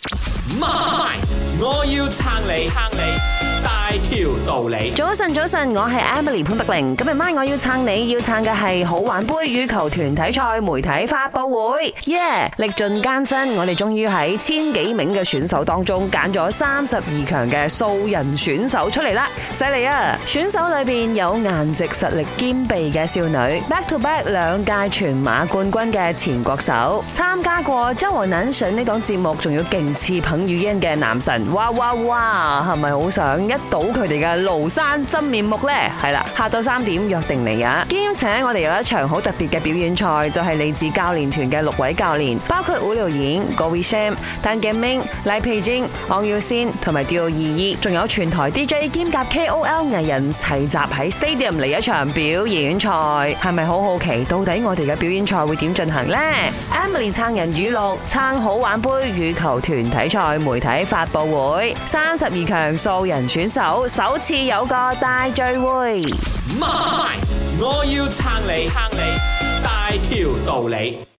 媽咪，MY，我要撐你，撐你。大條道理，早晨早晨，我係 Emily 潘德玲。今日晚我要撐你，要撐嘅係好玩杯羽球團體賽媒體發布會。耶！歷盡艱辛，我哋終於喺千幾名嘅選手當中揀咗三十二強嘅素人選手出嚟啦，犀利啊！選手裏邊有顏值實力兼備嘅少女，back to back 兩屆全馬冠軍嘅前國手，參加過《周和男上呢檔節目，仲要勁似彭于晏嘅男神，哇哇哇！係咪好想？一睹佢哋嘅廬山真面目咧，係啦，下晝三點約定嚟啊！兼且我哋有一場好特別嘅表演賽，就係嚟自教練團嘅六位教練，包括胡劉演、郭位 Sam、鄧敬明、黎皮貞、王耀先同埋 D 二二，仲有全台 D J 兼夾 K O L 藝人齊集喺 Stadium 嚟一場表演賽，係咪好好奇到底我哋嘅表演賽會點進行呢？Emily 撐人語錄撐好玩杯羽球團體賽媒體發布會，三十二強數人選。選手首，首次有個大聚會，MY 我要撐你，撐你，大條道理。